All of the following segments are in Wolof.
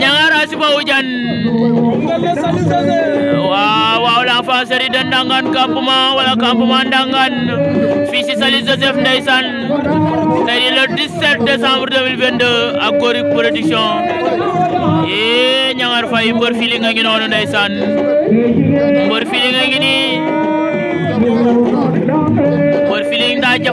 ñangara si ba hujan waaw waaw la seri den dangan kampuma wala kampuma dangan fii si Saly Joseph ndeysaan tey le 17 décembre 2022 ak Gori production yee ñangar fay mbër fili nga noonu ndeysaan mbër fili nga ngi nii mbër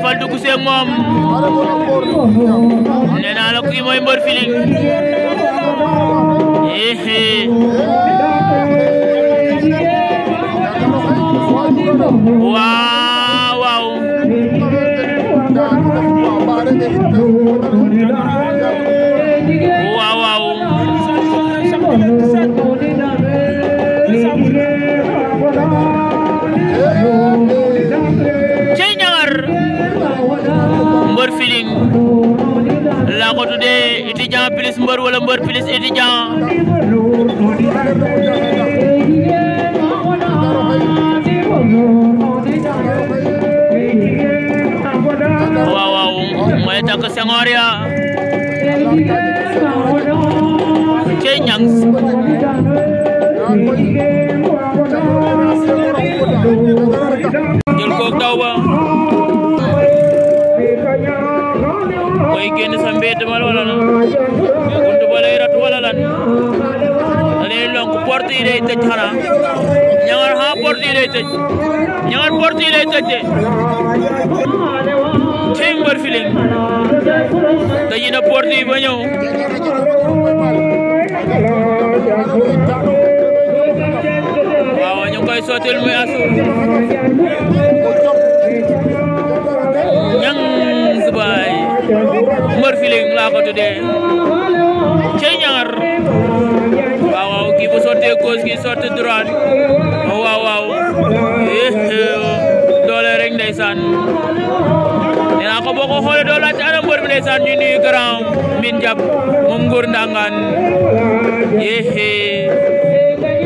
waaw feeling laa ko tuddee étudiant plus mbër wala mbër plus étudiant waaw waaw mooy takk sengoor ya cey ñangs koy génn sa mbéet mal wala lan buntu ba lay rat wala lan da lay day tëj xanaa ñangar xa porte yi day tëj ñangar porte yi day na porte yi ba door feeling la ko tudé ci ñaar waaw waaw ki bu sottee gauche kii sotti droit waaw waaw eh, doole rek ndaysan dina ko boko xolé do la ci anam mbër bi ndaysan ñu nuyu grand min jàpp moom ngóor ndangaan yehe eh,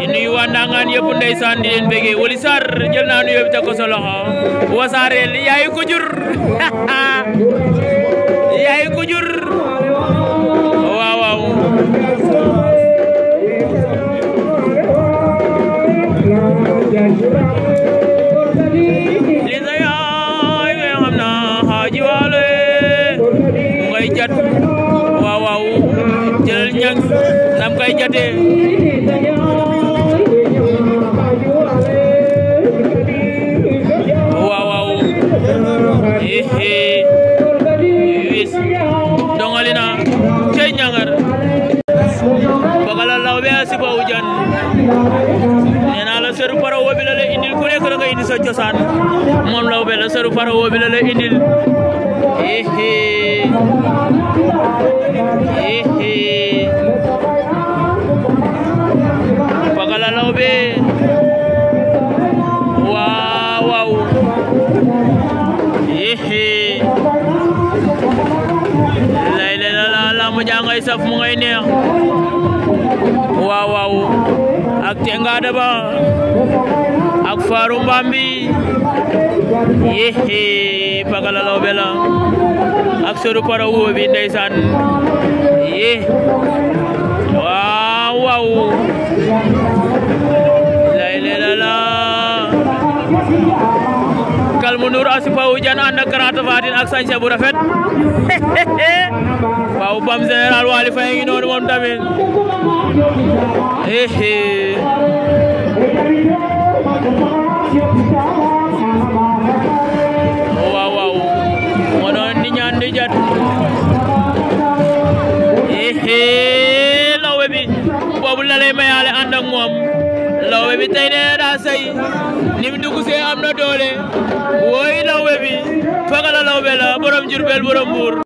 ñu nuyu waa ndangaan ya yëpp di leen bégee wali sar jël na ñu bi teg ko so loxo li yaay ko jur yaay ko jur waaw waaw li sa yaay nga xam na xaaji waalo ngay jat waaw waaw jëlal ñang nam kay jate nee naa la Serou Farawo bi indil ku nekk la indi sa cosaan moom la wobel Serou Farawo indil ehe ehe Pakala Lawbe waaw waaw ehe lay la la la mu jàngay ngay neex waaw ak Tengadé Ba ak Farou Mbambi yehe Pakala Lawbe la ak Sori Para Wo bi ndeysaan ye waaw waaw Galmu Ndour Asfiyahu Diène ànd ak Grand Tapha Tine ak sanche bu rafet waaw bam général wali fay ngi non mom tamit eh eh lawbe bi tey nee na daa sey dugg see am na doole wooy lawbe bi faga la lawbe la borom Jurbel borom Mbuur